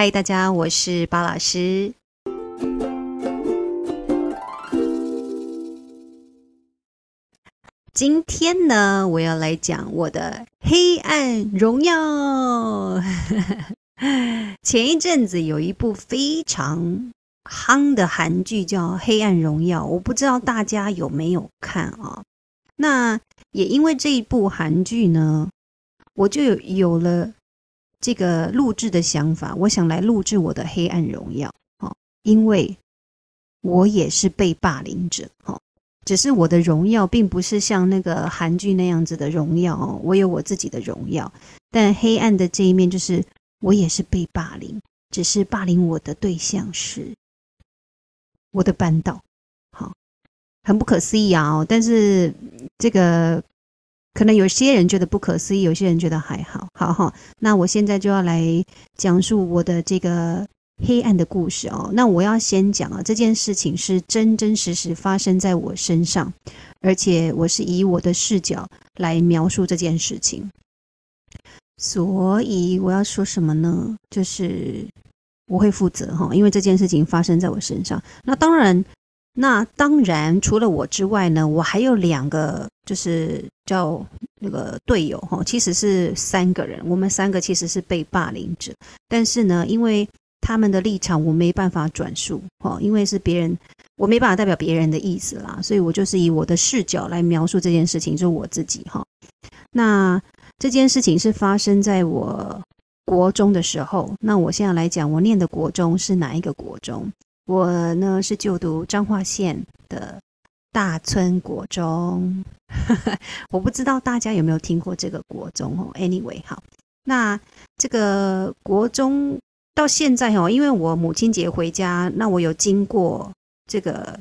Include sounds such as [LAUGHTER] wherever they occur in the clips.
嗨，大家，我是巴老師。今天呢，我要來講我的《黑暗榮耀。》 [LAUGHS] 前一陣子有一部非常夯的韓劇叫《黑暗榮耀》，我不知道大家有沒有看啊，哦？那也因為這一部韓劇呢，我就有有了這個錄製的想法，我想來錄製我的黑暗榮耀，因為我也是被霸凌者，只是我的榮耀並不是像那個韓劇那樣子的榮耀，我有我自己的榮耀，但黑暗的這一面就是我也是被霸凌，只是霸凌我的對象是我的班導，好，很不可思議啊，但是這個。可能有些人覺得不可思議，有些人覺得還好，好好。那我現在就要來講述我的這個黑暗的故事哦。那我要先講啊，這件事情是真真實實發生在我身上，而且我是以我的視角來描述這件事情。所以我要說什麼呢？就是我會負責哈，因為這件事情發生在我身上。那當然。那當然，除了我之外呢，我還有兩個，就是叫那個隊友哈。其實是三個人，我們三個其實是被霸凌者。但是呢，因為他們的立場，我沒辦法轉述哈，因為是別人，我沒辦法代表別人的意思啦。所以我就是以我的視角來描述這件事情，就是我自己哈。那這件事情是發生在我國中的時候。那我現在來講，我念的國中是哪一個國中？我呢是就讀彰化縣的大村國中， [LAUGHS] 我不知道大家有沒有聽過這個國中哦。Anyway，好，那這個國中到現在哦，因為我母親節回家，那我有經過這個，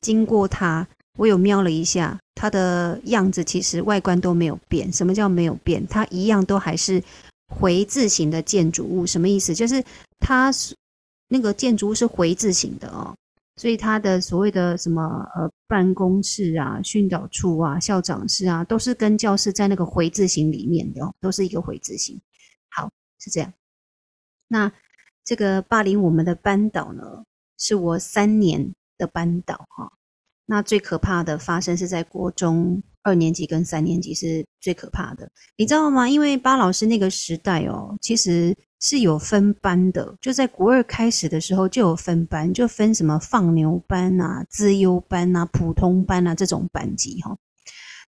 經過它，我有瞄了一下它的樣子，其實外觀都沒有變。什麼叫沒有變？它一樣都還是回字形的建築物。什麼意思？就是它是。那個建築物是回字形的哦，所以它的所謂的什麼呃辦公室啊、訓導處啊、校長室啊，都是跟教室在那個回字形裡面的哦，都是一個回字形。好，是這樣。那這個霸凌我們的班導呢，是我三年的班導哈。那最可怕的發生是在國中二年級跟三年級是最可怕的，你知道嗎？因為巴老師那個時代哦，其實。是有分班的，就在國二開始的時候就有分班，就分什麼放牛班啊、資優班啊、普通班啊這種班級哈、哦。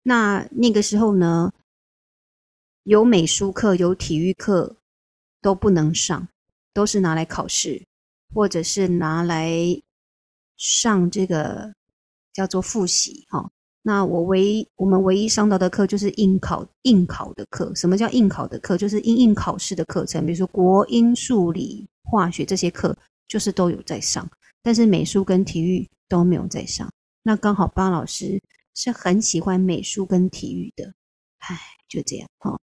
那那個時候呢，有美術課、有體育課都不能上，都是拿來考試，或者是拿來上這個叫做複習哈、哦。那我唯一我們唯一上到的課就是應考應考的課。什麼叫應考的課？就是因應考試的課程，比如說國英數理化學這些課就是都有在上，但是美術跟體育都沒有在上。那剛好巴老師是很喜歡美術跟體育的，唉，就這樣哦。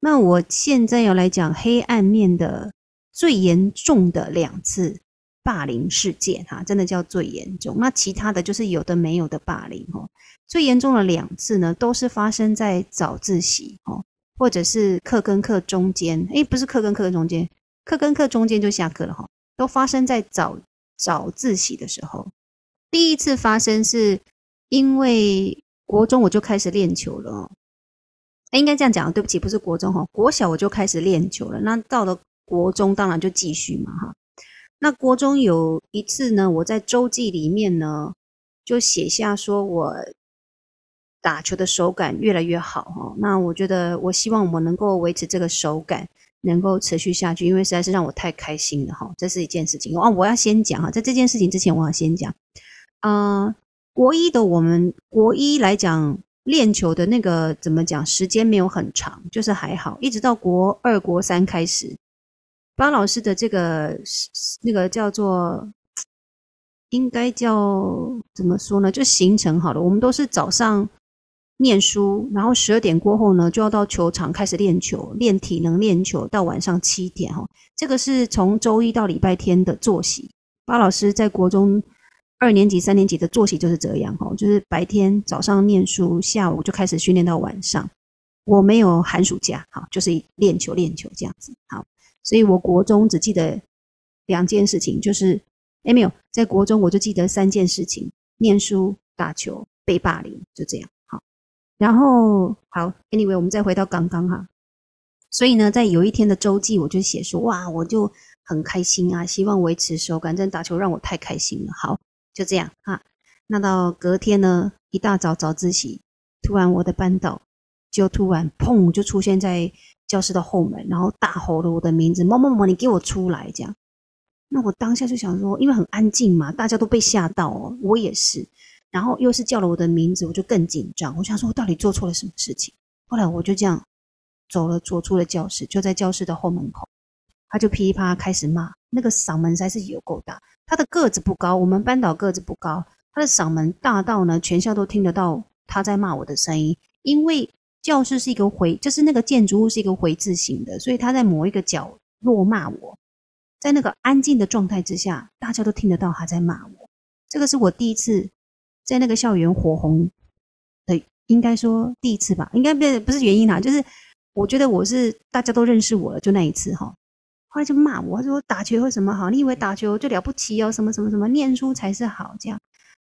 那我現在要來講黑暗面的最嚴重的兩次。霸凌事件哈，啊，真的叫最嚴重。那其他的就是有的沒有的霸凌哈，最嚴重的兩次呢，都是發生在早自習哦，或者是課跟課中間。誒，不是課跟課中間，課跟課中間就下課了哈，都發生在早早自習的時候。第一次發生是因為國中我就開始練球了哦，應該這樣講。對不起，不是國中哈，國小我就開始練球了。那到了國中，當然就繼續嘛哈。那國中有一次呢，我在週記裡面呢，就寫下說，我打球的手感越來越好哦，那我覺得，我希望我能夠維持這個手感，能夠持續下去，因為實在是讓我太開心了哈。這是一件事情。哦、啊，我要先講哈，在這件事情之前，我要先講。嗯、呃，國一的我們，國一來講，練球的那個，怎麼講，時間沒有很長，就是還好，一直到國二、國三開始。巴老師的這個那個叫做，應該叫怎麼說呢？就行程好了。我們都是早上念書，然後十二點過後呢，就要到球場開始練球、練體能、練球，到晚上七點哈。這個是從周一到禮拜天的作息。巴老師在國中二年級、三年級的作息就是這樣哈，就是白天早上念書，下午就開始訓練到晚上。我沒有寒暑假，好，就是練球練球這樣子，好，所以我國中只記得兩件事情，就是，哎沒有，在國中我就記得三件事情：念書、打球、被霸凌，就這樣，好，然後好，anyway，我們再回到剛剛哈，所以呢，在有一天的周記，我就寫說，哇，我就很開心啊，希望維持手感，反正打球讓我太開心了，好，就這樣哈，那到隔天呢，一大早早自習，突然我的班導。就突然砰，就出現在教室的後門，然後大吼了我的名字：“某某某，你給我出來！”這樣，那我當下就想說，因為很安靜嘛，大家都被嚇到哦，我也是。然後又是叫了我的名字，我就更緊張。我想說，我到底做錯了什麼事情？後來我就這樣走了，走出了教室，就在教室的後門口，他就噼啪啪開始罵，那個嗓門實在是有夠大。他的個子不高，我們班導個子不高，他的嗓門大到呢，全校都聽得到他在罵我的聲音，因為。教室是一個回，就是那個建築物是一個回字形的，所以他在某一個角落罵我，在那個安靜的狀態之下，大家都聽得到他在罵我。這個是我第一次在那個校園火紅的，應該說第一次吧，應該不是不是原因啦，啊，就是我覺得我是大家都認識我了，就那一次哈，哦。後來就罵我，他說打球有什麼好，你以為打球就了不起哦？什麼什麼什麼，念書才是好，這樣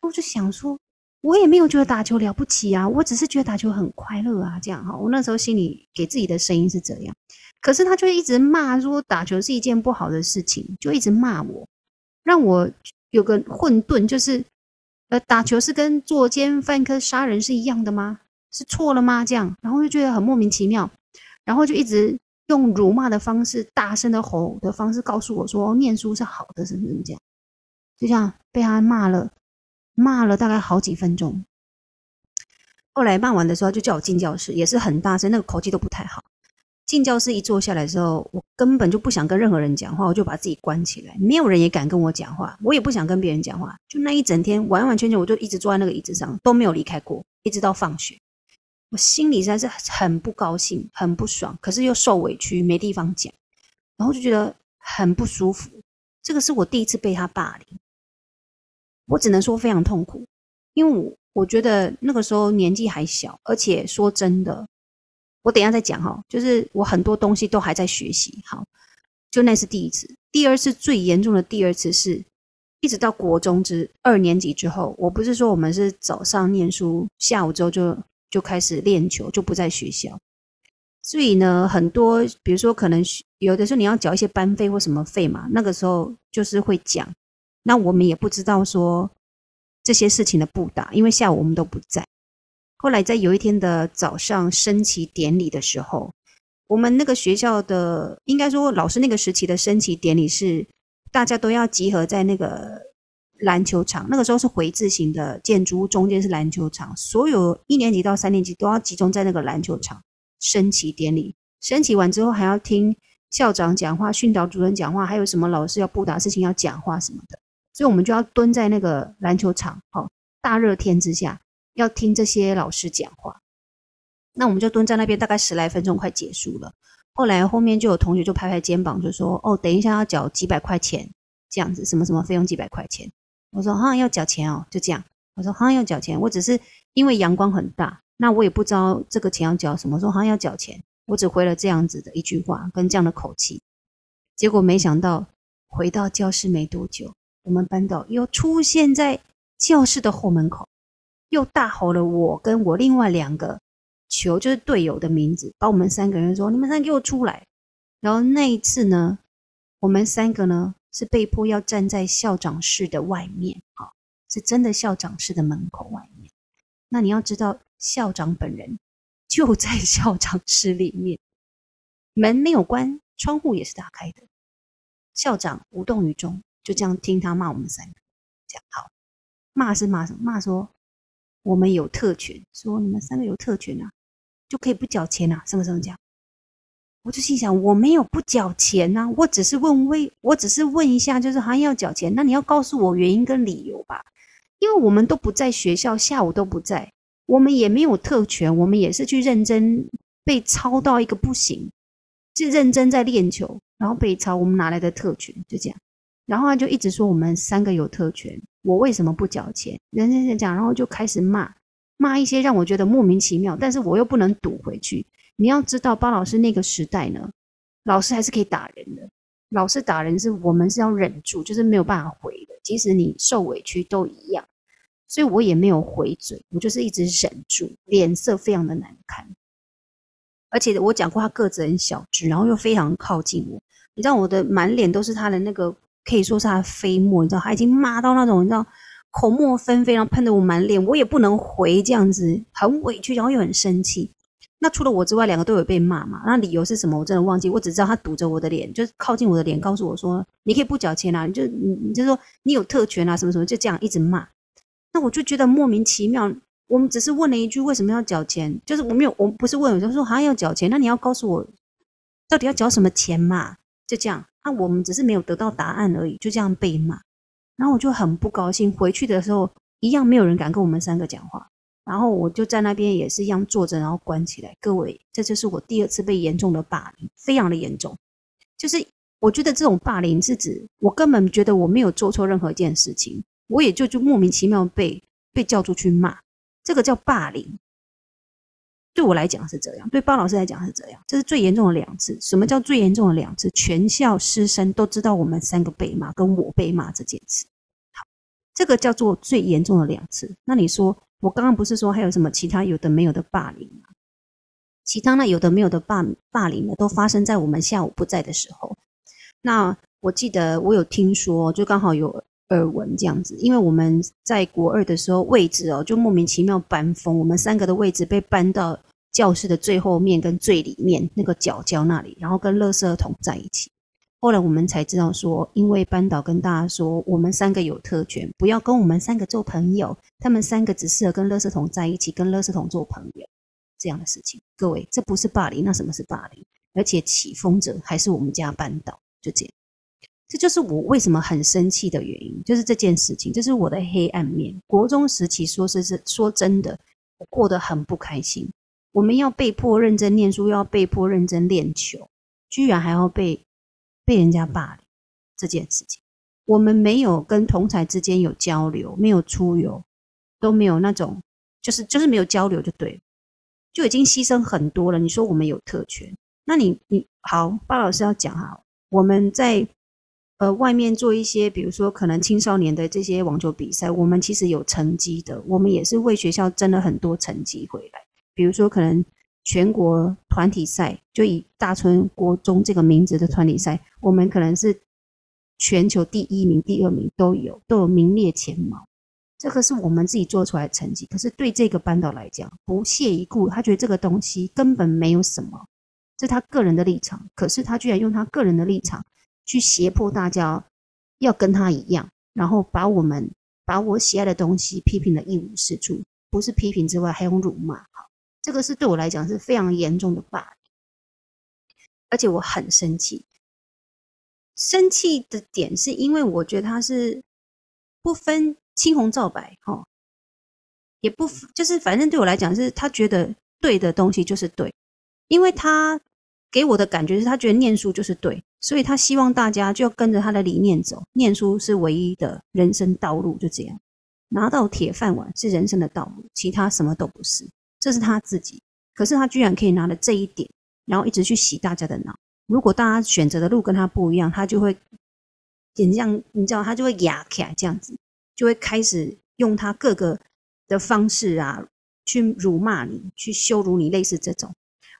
我就想說。我也沒有覺得打球了不起啊，我只是覺得打球很快樂啊，這樣哈。我那時候心裡給自己的聲音是這樣，可是他就一直罵說打球是一件不好的事情，就一直罵我，讓我有個混沌，就是呃打球是跟作奸犯科殺人是一樣的嗎？是錯了嗎？這樣，然後就覺得很莫名其妙，然後就一直用辱罵的方式、大聲的吼、吼的方式告訴我說，哦，念書是好的，是不是這樣？就這樣被他罵了。罵了大概好幾分鐘，後來罵完的時候，就叫我進教室，也是很大聲，那個口氣都不太好。進教室一坐下來之後，我根本就不想跟任何人講話，我就把自己關起來，沒有人也敢跟我講話，我也不想跟別人講話。就那一整天，完完全全我就一直坐在那個椅子上，都沒有離開過，一直到放學。我心裡實在是很不高興、很不爽，可是又受委屈，沒地方講，然後就覺得很不舒服。這個是我第一次被他霸凌。我只能說非常痛苦，因為我覺得那個時候年紀還小，而且說真的，我等一下再講哈，就是我很多東西都還在學習。好，就那是第一次，第二次最嚴重的第二次是，一直到國中之二年級之後，我不是說我們是早上念書，下午之後就就開始練球，就不在學校。所以呢，很多比如說可能有的時候你要繳一些班費或什麼費嘛，那個時候就是會講。那我們也不知道說這些事情的布達，因為下午我們都不在。後來在有一天的早上升旗典禮的時候，我們那個學校的應該說老師那個時期的升旗典禮是大家都要集合在那個籃球場。那個時候是回字形的建築物，中間是籃球場，所有一年級到三年級都要集中在那個籃球場升旗典禮。升旗完之後還要聽校長講話、訓導主任講話，還有什麼老師要布達事情要講話什麼的。所以我們就要蹲在那個籃球場，好，哦，大熱天之下，要聽這些老師講話。那我們就蹲在那邊，大概十來分鐘，快結束了。後來後面就有同學就拍拍肩膀，就說：“哦，等一下要繳幾百塊錢，這樣子什麼什麼費用幾百塊錢。”我說：“好像要繳錢哦。”就這樣，我說：“好像要繳錢。”我只是因為陽光很大，那我也不知道這個錢要繳什麼，說好像要繳錢，我只回了這樣子的一句話，跟這樣的口氣。結果沒想到回到教室沒多久。我們班導又出現在教室的後門口，又大吼了我跟我另外兩個球就是隊友的名字，把我們三個人說：“你們三個給我出來！”然後那一次呢，我們三個呢是被迫要站在校長室的外面，好、哦，是真的校長室的門口外面。那你要知道，校長本人就在校長室裡面，門沒有關，窗戶也是打開的，校長無動於衷。就這樣聽他罵我們三個，講好，罵是罵什麼？罵說我們有特權，說你們三個有特權啊，就可以不繳錢啊，什麼什麼樣？我就心想，我沒有不繳錢吶、啊，我只是問為，我只是問一下，就是還要繳錢，那你要告訴我原因跟理由吧，因為我們都不在學校，下午都不在，我們也沒有特權，我們也是去認真被操到一個不行，是認真在練球，然後被操，我們哪來的特權就這樣。然後他就一直說我們三個有特權，我為什麼不繳錢？人人在講，然後就開始罵，罵一些讓我覺得莫名其妙，但是我又不能堵回去。你要知道，巴老師那個時代呢，老師還是可以打人的，老師打人是我們是要忍住，就是沒有辦法回的，即使你受委屈都一樣。所以我也沒有回嘴，我就是一直忍住，臉色非常的難看。而且我講過，他個子很小只，然後又非常靠近我，你知道我的滿臉都是他的那個。可以說是他飛沫，你知道，他已經罵到那種你知道口沫紛飛，然後噴得我滿臉，我也不能回這樣子，很委屈，然後又很生氣。那除了我之外，兩個都有被罵嘛？那理由是什麼？我真的忘記，我只知道他堵着我的臉，就是靠近我的臉，告訴我說：“你可以不繳錢啊，你就你，你就說你有特權啊，什麼什麼。”就這樣一直罵。那我就覺得莫名其妙。我們只是問了一句為什麼要繳錢，就是我沒有，我不是問，我就說好像要繳錢，那你要告訴我到底要繳什麼錢嘛？就這樣。那、啊、我們只是沒有得到答案而已，就這樣被罵，然後我就很不高興。回去的時候，一樣沒有人敢跟我們三個講話，然後我就在那邊也是一樣坐着，然後關起來。各位，這就是我第二次被嚴重的霸凌，非常的嚴重。就是我覺得這種霸凌是指我根本覺得我沒有做錯任何一件事情，我也就就莫名其妙被被叫出去罵，這個叫霸凌。對我來講是這樣，對巴老師來講是這樣，這是最嚴重的兩次。什麼叫最嚴重的兩次？全校師生都知道我們三個被罵，跟我被罵這件事。好，這個叫做最嚴重的兩次。那你說，我剛剛不是說還有什麼其他有的沒有的霸凌嗎？其他那有的沒有的霸霸凌呢，都發生在我們下午不在的時候。那我記得我有聽說，就剛好有耳聞這樣子，因為我們在國二的時候，位置哦，就莫名其妙搬風，我們三個的位置被搬到。教室的最後面跟最裡面那個角角那裡，然後跟垃圾桶在一起。後來我們才知道說，因為班導跟大家說，我們三個有特權，不要跟我們三個做朋友，他們三個只適合跟垃圾桶在一起，跟垃圾桶做朋友。這樣的事情，各位，這不是霸凌，那什麼是霸凌？而且起風者還是我們家班導，就這樣。這就是我為什麼很生氣的原因，就是這件事情，這、就是我的黑暗面。國中時期，說是是說真的，我過得很不開心。我們要被迫認真念書，要被迫認真練球，居然還要被被人家霸凌這件事情，我們沒有跟同學之間有交流，沒有出遊，都沒有那種，就是就是沒有交流就對，就已經犧牲很多了。你說我們有特權，那你你好，巴老師要講哈，我們在呃外面做一些，比如說可能青少年的這些網球比賽，我們其實有成績的，我們也是為學校爭了很多成績回來。比如說，可能全國團體賽就以大春國中這個名字的團體賽，我們可能是全球第一名、第二名都有，都有名列前茅。這個是我們自己做出來的成績。可是對這個班導來講，不屑一顧，他覺得這個東西根本沒有什麼，這是他個人的立場。可是他居然用他個人的立場去脅迫大家要跟他一樣，然後把我們把我喜愛的東西批評的一無是處，不是批評之外，還用辱罵。這個是對我來講是非常嚴重的霸凌，而且我很生氣。生氣的點是因為我覺得他是不分青紅皂白，哈，也不分，就是反正對我來講是他覺得對的東西就是對，因為他給我的感覺是他覺得念書就是對，所以他希望大家就要跟着他的理念走，念書是唯一的人生道路，就這樣，拿到鐵飯碗是人生的道路，其他什麼都不是。這是他自己，可是他居然可以拿了這一點，然後一直去洗大家的腦。如果大家選擇的路跟他不一樣，他就會，這樣，你知道，他就會啞開，這樣子，就會開始用他各個的方式啊，去辱罵你，去羞辱你，類似這種。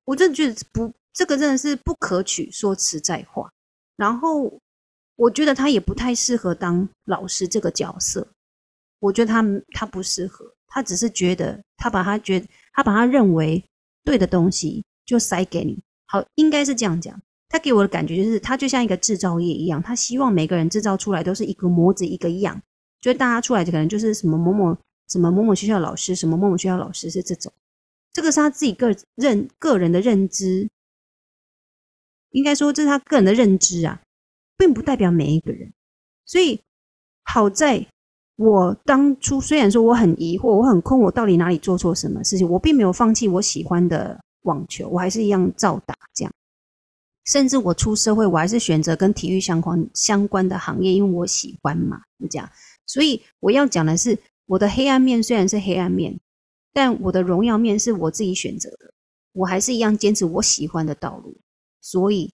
我真的覺得不，這個真的是不可取，說實在話。然後我覺得他也不太適合當老師這個角色。我覺得他他不適合。他只是覺得，他把他覺，他把他認為對的東西就塞給你。好，應該是這樣講。他給我的感覺就是，他就像一個制造業一樣，他希望每個人製造出來都是一個模子一個樣，所以大家出來可能就是什麼某某什麼某某學校老師，什麼某某學校老師是這種。這個是他自己個認個人的認知，應該說，這是他個人的認知啊，並不代表每一個人。所以好在。我當初雖然說我很疑惑，我很困惑，我到底哪裡做錯什麼事情？我並沒有放棄我喜歡的網球，我還是一樣照打這樣。甚至我出社會，我還是選擇跟體育相關相關的行業，因為我喜歡嘛，這樣。所以我要講的是，我的黑暗面雖然是黑暗面，但我的榮耀面是我自己選擇的，我還是一樣堅持我喜歡的道路。所以，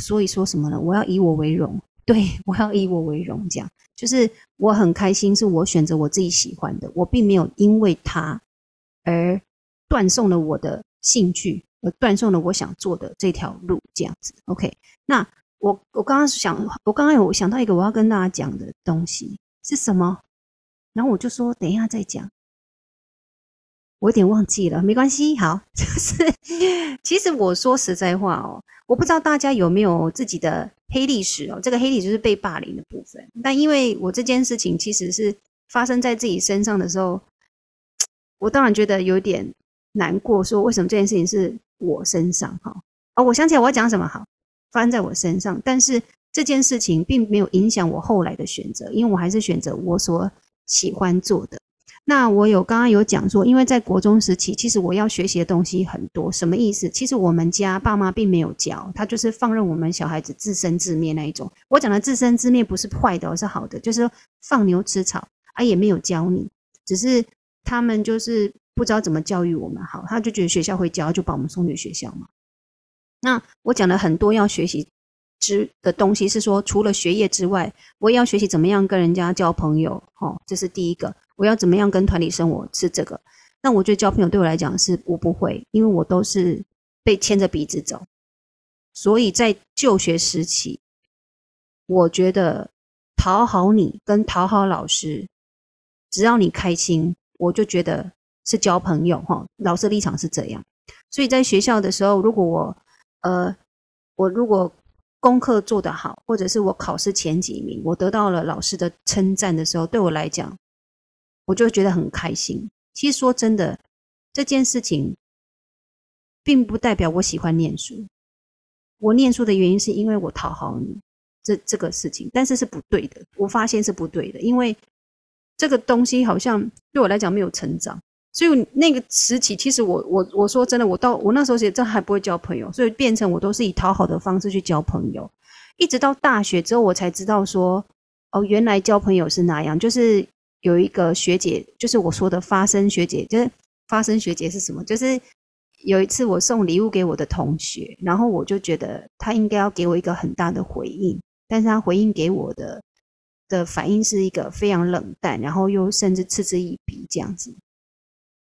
所以說什麼呢？我要以我為榮。對，我要以我為榮，這樣就是我很開心，是我選擇我自己喜歡的，我並沒有因為他而斷送了我的興趣，而斷送了我想做的這條路，這樣子。OK，那我我剛剛想，我剛剛有想到一個我要跟大家講的東西是什麼，然後我就說等一下再講，我有點忘記了，沒關係，好，就是其實我說實在話哦，我不知道大家有沒有自己的。黑歷史哦，這個黑歷史就是被霸凌的部分。但因為我這件事情其實是發生在自己身上的時候，我當然覺得有點難過。說為什麼這件事情是我身上？哈、哦、我想起來我要講什麼好？發生在我身上，但是這件事情並沒有影響我後來的選擇，因為我還是選擇我所喜歡做的。那我有剛剛有講說，因為在國中時期，其實我要學習的東西很多。什麼意思？其實我們家爸媽並沒有教，他就是放任我們小孩子自生自滅那一種。我講的自生自滅不是壞的，而是好的，就是說放牛吃草啊，也沒有教你，只是他們就是不知道怎麼教育我們。好，他就覺得學校會教，就把我們送去學校嘛。那我講了很多要學習之的東西，是說除了學業之外，我也要學習怎麼樣跟人家交朋友。好，這是第一個。我要怎麼樣跟團體生活是這個，那我覺得交朋友對我來講是，我不會，因為我都是被牽着鼻子走，所以在就學時期，我覺得討好你跟討好老師，只要你開心，我就覺得是交朋友哈，哦。老師的立場是這樣，所以在學校的時候，如果我呃，我如果功課做得好，或者是我考試前幾名，我得到了老師的稱讚的時候，對我來講。我就覺得很開心。其實說真的，這件事情並不代表我喜歡念書。我念書的原因是因為我討好你，這這個事情，但是是不對的。我發現是不對的，因為這個東西好像對我來講沒有成長。所以那個時期，其實我我我說真的，我到我那時候也真還不會交朋友，所以變成我都是以討好的方式去交朋友。一直到大學之後，我才知道說，哦，原來交朋友是那樣，就是。有一個學姐，就是我說的發生學姐，就是發生學姐是什麼？就是有一次我送禮物給我的同學，然後我就覺得她應該要給我一個很大的回應，但是她回應給我的的反應是一個非常冷淡，然後又甚至嗤之以鼻這樣子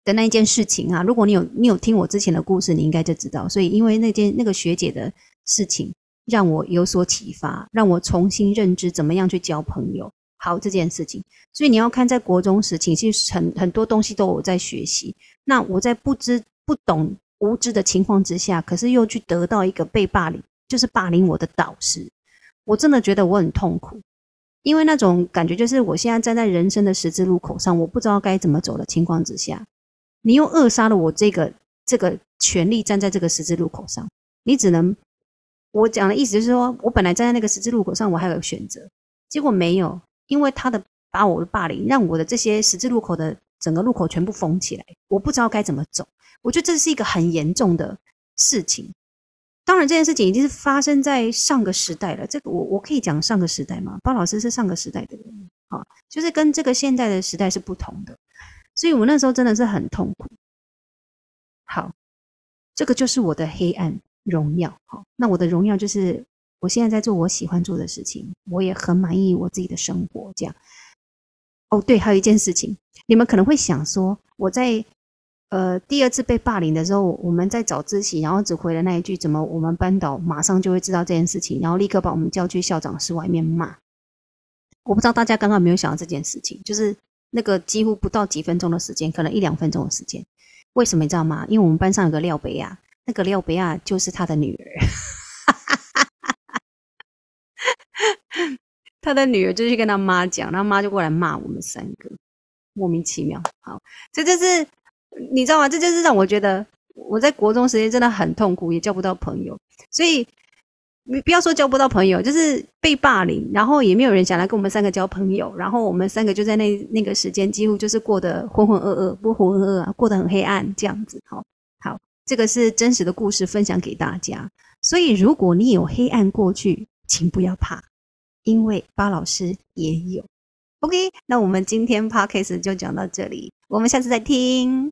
的那一件事情啊。如果你有你有聽我之前的故事，你應該就知道。所以因為那件那個學姐的事情，讓我有所啟發，讓我重新認知怎麼樣去交朋友。好，這件事情，所以你要看在國中時期，其實很很多東西都有我在學習。那我在不知、不懂、無知的情況之下，可是又去得到一個被霸凌，就是霸凌我的導師。我真的覺得我很痛苦，因為那種感覺就是我現在站在人生的十字路口上，我不知道該怎麼走的情況之下，你又扼殺了我這個這個權利站在這個十字路口上。你只能，我講的意思就是說我本來站在那個十字路口上，我還有選擇，結果沒有。因為他的把我的霸凌，讓我的這些十字路口的整個路口全部封起來，我不知道該怎麼走。我覺得這是一個很嚴重的事情。當然，這件事情已經是發生在上個時代了。這個我我可以講上個時代嗎？巴老師是上個時代的人，好，就是跟這個現在的時代是不同的。所以我那時候真的是很痛苦。好，這個就是我的黑暗榮耀。好，那我的榮耀就是。我現在在做我喜歡做的事情，我也很滿意我自己的生活，這樣。哦，對，還有一件事情，你們可能會想說，我在呃第二次被霸凌的時候，我們在早自習，然後只回了那一句“怎麼我們班導馬上就會知道這件事情”，然後立刻把我們叫去校長室外面罵。我不知道大家剛剛有沒有想到這件事情，就是那個幾乎不到幾分鐘的時間，可能一兩分鐘的時間，為什麼你知道嗎？因為我們班上有個廖北亞，那個廖北亞就是他的女兒。 [LAUGHS] [LAUGHS] 他的女兒就去跟他媽講，他媽就過來罵我們三個，莫名其妙。好，這就是你知道嗎？這就是讓我覺得我在國中時間真的很痛苦，也交不到朋友。所以你不要說交不到朋友，就是被霸凌，然後也沒有人想來跟我們三個交朋友。然後我們三個就在那那個時間幾乎就是過得渾渾噩噩，不渾渾噩噩啊，過得很黑暗這樣子。好，好，這個是真實的故事分享給大家。所以如果你有黑暗過去，請不要怕，因為巴老師也有。OK，那我們今天 Podcast 就講到這裡，我們下次再聽。